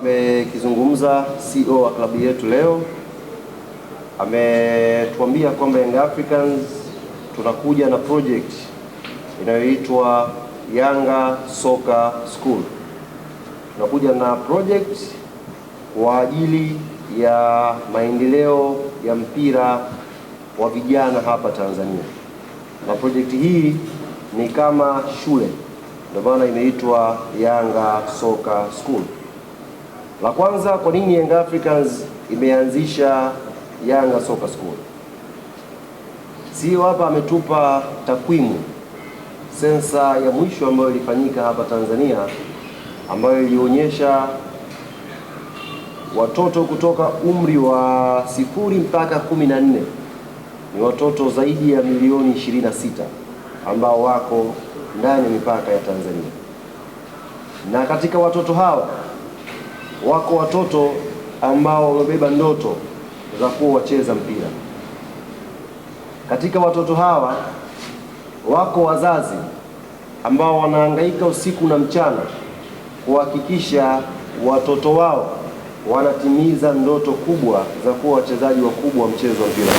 amekizungumza CEO wa klabu yetu leo, ametuambia kwamba Young Africans tunakuja na project inayoitwa Yanga Soccer School. Tunakuja na project kwa ajili ya maendeleo ya mpira wa vijana hapa Tanzania, na project hii ni kama shule, ndio maana imeitwa Yanga Soccer School. La kwanza, kwa nini Young Africans imeanzisha Yanga Soccer School? Sio hapa, ametupa takwimu sensa ya mwisho ambayo ilifanyika hapa Tanzania ambayo ilionyesha watoto kutoka umri wa sifuri mpaka kumi na nne ni watoto zaidi ya milioni 26 ambao wako ndani ya mipaka ya Tanzania, na katika watoto hawa Wako watoto ambao wamebeba ndoto za kuwa wacheza mpira. Katika watoto hawa wako wazazi ambao wanahangaika usiku na mchana kuhakikisha watoto wao wanatimiza ndoto kubwa za kuwa wachezaji wakubwa wa mchezo wa mpira.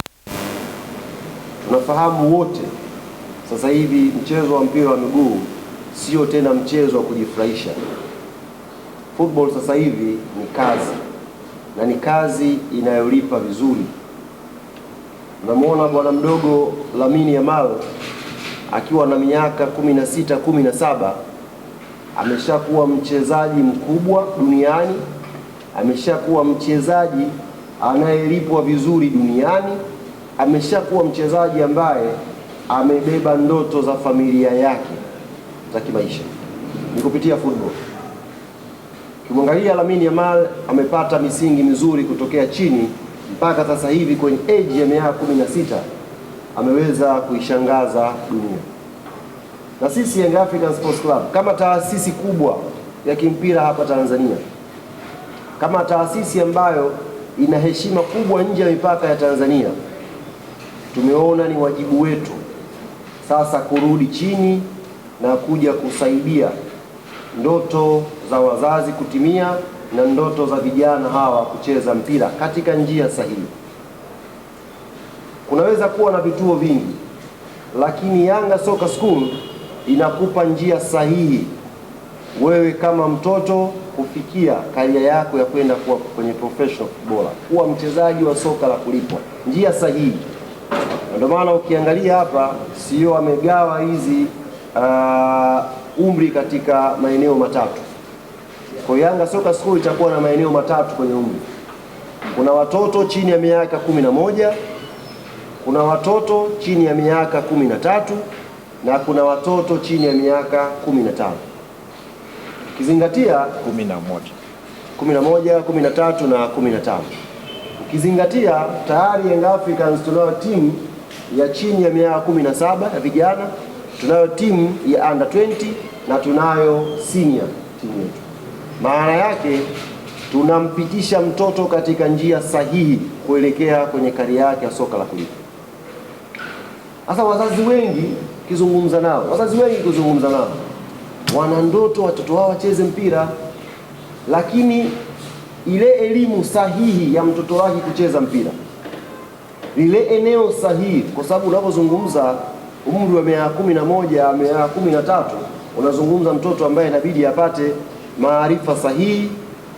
Tunafahamu wote sasa hivi mchezo wa mpira wa miguu sio tena mchezo wa kujifurahisha. Football sasa hivi ni kazi na ni kazi inayolipa vizuri. Unamwona bwana mdogo Lamine Yamal akiwa na miaka kumi na sita kumi na saba ameshakuwa mchezaji mkubwa duniani, ameshakuwa mchezaji anayelipwa vizuri duniani, ameshakuwa mchezaji ambaye amebeba ndoto za familia yake za kimaisha ni kupitia football. Ukimwangalia Lamine Yamal amepata misingi mizuri kutokea chini mpaka sasa hivi kwenye age ya miaka 16 ameweza kuishangaza dunia. Na sisi Young African Sports Club kama taasisi kubwa ya kimpira hapa Tanzania, kama taasisi ambayo ina heshima kubwa nje ya mipaka ya Tanzania, tumeona ni wajibu wetu sasa kurudi chini na kuja kusaidia ndoto za wazazi kutimia na ndoto za vijana hawa kucheza mpira katika njia sahihi. Kunaweza kuwa na vituo vingi, lakini Yanga Soccer School inakupa njia sahihi wewe kama mtoto kufikia karia yako ya kwenda kuwa kwenye professional bora, kuwa mchezaji wa soka la kulipwa, njia sahihi. Ndio maana ukiangalia hapa sio e amegawa hizi uh, umri katika maeneo matatu. Kwa Yanga Soka School itakuwa na maeneo matatu kwenye umri. Kuna watoto chini ya miaka kumi na moja, kuna watoto chini ya miaka kumi na tatu na kuna watoto chini ya miaka kumi na tano ukizingatia kumi na moja kumi na moja kumi na tatu na kumi na tano ukizingatia tayari Young Africans tunayo timu ya chini ya miaka kumi na saba ya vijana, tunayo timu ya under 20 na tunayo senior timu yetu. Maana yake tunampitisha mtoto katika njia sahihi kuelekea kwenye karia yake ya soka la kulipa Sasa wazazi wengi kizungumza nao, wazazi wengi kizungumza nao, wana ndoto watoto wao wacheze mpira, lakini ile elimu sahihi ya mtoto wake kucheza mpira, lile eneo sahihi, kwa sababu unapozungumza umri wa miaka kumi na moja miaka kumi na tatu unazungumza mtoto ambaye inabidi apate maarifa sahihi,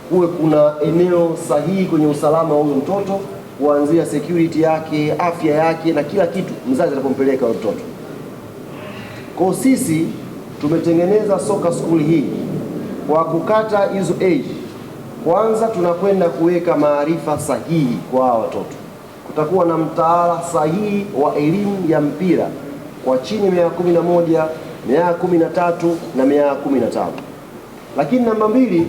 kuwe kuna eneo sahihi kwenye usalama wa huyo mtoto, kuanzia security yake, afya yake na kila kitu, mzazi anapompeleka huyo mtoto. Kwa sisi tumetengeneza soka school hii kwa kukata hizo age. Kwanza tunakwenda kuweka maarifa sahihi kwa hawa watoto. Kutakuwa na mtaala sahihi wa elimu ya mpira kwa chini ya miaka 11, miaka 13 na miaka 15. Lakini namba mbili,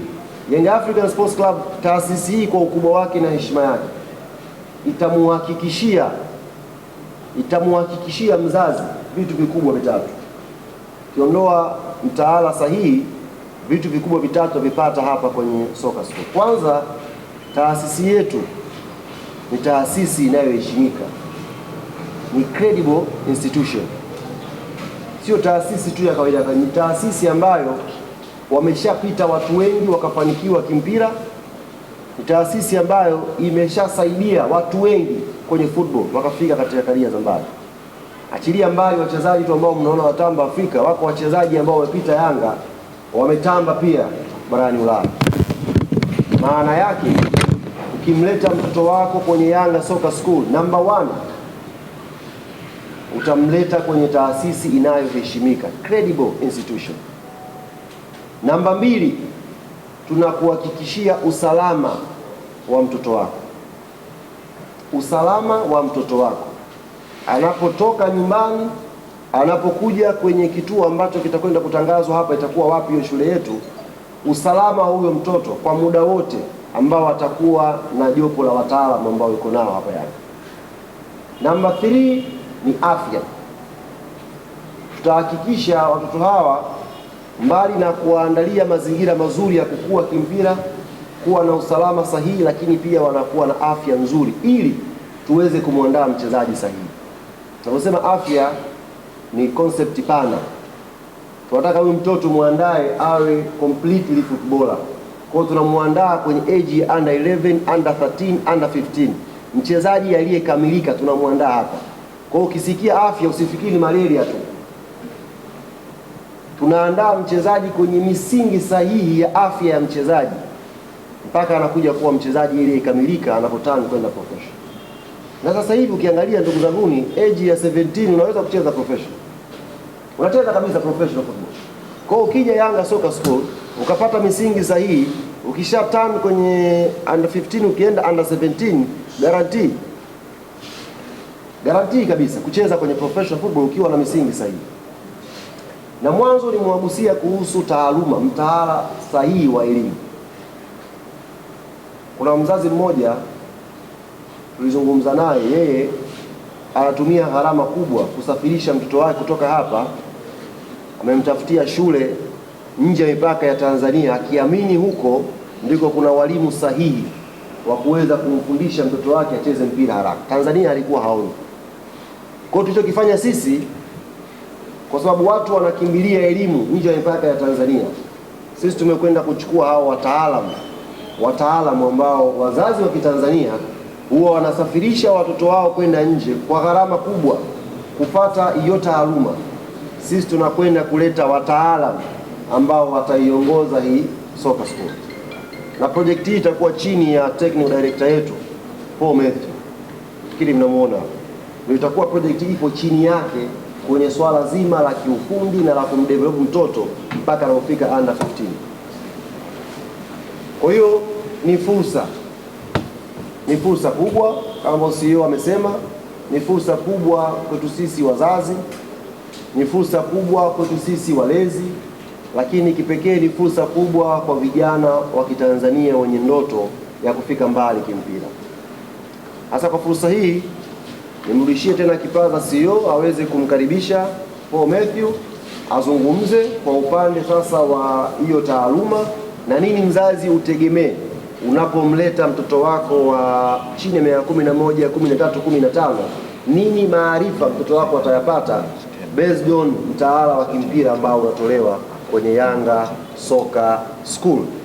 Young African Sports Club, taasisi hii kwa ukubwa wake na heshima yake itamuhakikishia itamuhakikishia mzazi vitu vikubwa vitatu. Ukiondoa mtaala sahihi, vitu vikubwa vitatu vipata hapa kwenye soka school. Kwanza, taasisi yetu ni taasisi inayoheshimika, ni credible institution, sio taasisi tu ya kawaida, ni taasisi ambayo wameshapita watu wengi wakafanikiwa kimpira. Ni taasisi ambayo imeshasaidia watu wengi kwenye football wakafika katika karia za mbali. Achilia mbali wachezaji tu ambao mnaona watamba Afrika, wako wachezaji ambao wamepita Yanga wametamba pia barani Ulaya. Maana yake ukimleta mtoto wako kwenye Yanga Soccer School namba one, utamleta kwenye taasisi inayoheshimika, credible institution. Namba mbili, tunakuhakikishia usalama wa mtoto wako, usalama wa mtoto wako anapotoka nyumbani, anapokuja kwenye kituo ambacho kitakwenda kutangazwa hapa itakuwa wapi hiyo shule yetu, usalama wa huyo mtoto kwa muda wote ambao atakuwa na jopo la wataalamu ambao yuko nao hapa Yanga. Namba 3 ni afya, tutahakikisha watoto hawa mbali na kuwaandalia mazingira mazuri ya kukua kimpira, kuwa na usalama sahihi, lakini pia wanakuwa na afya nzuri, ili tuweze kumwandaa mchezaji sahihi. Tunaposema afya ni concept pana, tunataka huyu mtoto mwandae awe completely footballer. Kwa hiyo tunamwandaa kwenye age ya under 11, under 13, under 15. Mchezaji aliyekamilika tunamwandaa hapa. Kwa hiyo ukisikia afya usifikiri malaria tu tunaandaa mchezaji kwenye misingi sahihi ya afya ya mchezaji mpaka anakuja kuwa mchezaji ile ikamilika anapotani kwenda professional. Na sasa hivi ukiangalia, ndugu zanguni, age ya 17 unaweza kucheza professional, unacheza kabisa professional football. Kwa hiyo ukija Yanga Soccer School ukapata misingi sahihi, ukisha turn kwenye under 15 ukienda under 17, guarantee guarantee kabisa kucheza kwenye professional football ukiwa na misingi sahihi na mwanzo ulimwagusia kuhusu taaluma, mtaala sahihi wa elimu. Kuna mzazi mmoja tulizungumza naye, yeye anatumia gharama kubwa kusafirisha mtoto wake kutoka hapa, amemtafutia shule nje ya mipaka ya Tanzania, akiamini huko ndiko kuna walimu sahihi wa kuweza kumfundisha mtoto wake acheze mpira haraka. Tanzania alikuwa haoni. Kwa hiyo tulichokifanya sisi kwa sababu watu wanakimbilia elimu nje ya mipaka ya Tanzania. Sisi tumekwenda kuchukua hao wataalamu, wataalamu ambao wazazi wa Kitanzania huwa wanasafirisha watoto wao kwenda nje kwa gharama kubwa kupata hiyo taaluma. Sisi tunakwenda kuleta wataalamu ambao wataiongoza hii soka school, na projekti hii itakuwa chini ya technical director yetu Paul Matthew, fikiri mnamuona, ndio itakuwa projekti ipo chini yake kwenye swala zima la kiufundi na la kumdevelop mtoto mpaka anapofika under 15. Kwa hiyo ni fursa, ni fursa kubwa kama CEO e amesema, ni fursa kubwa kwetu sisi wazazi, ni fursa kubwa kwetu sisi walezi, lakini kipekee ni fursa kubwa kwa vijana wa Kitanzania wenye ndoto ya kufika mbali kimpira. Hasa kwa fursa hii nimrudishie tena kipaza CEO aweze kumkaribisha Paul Matthew azungumze kwa upande sasa wa hiyo taaluma na nini mzazi utegemee unapomleta mtoto wako wa chini ya miaka kumi na moja, kumi na tatu, kumi na tano, nini maarifa mtoto wako atayapata based on mtaala wa kimpira ambao unatolewa kwenye Yanga Soka School.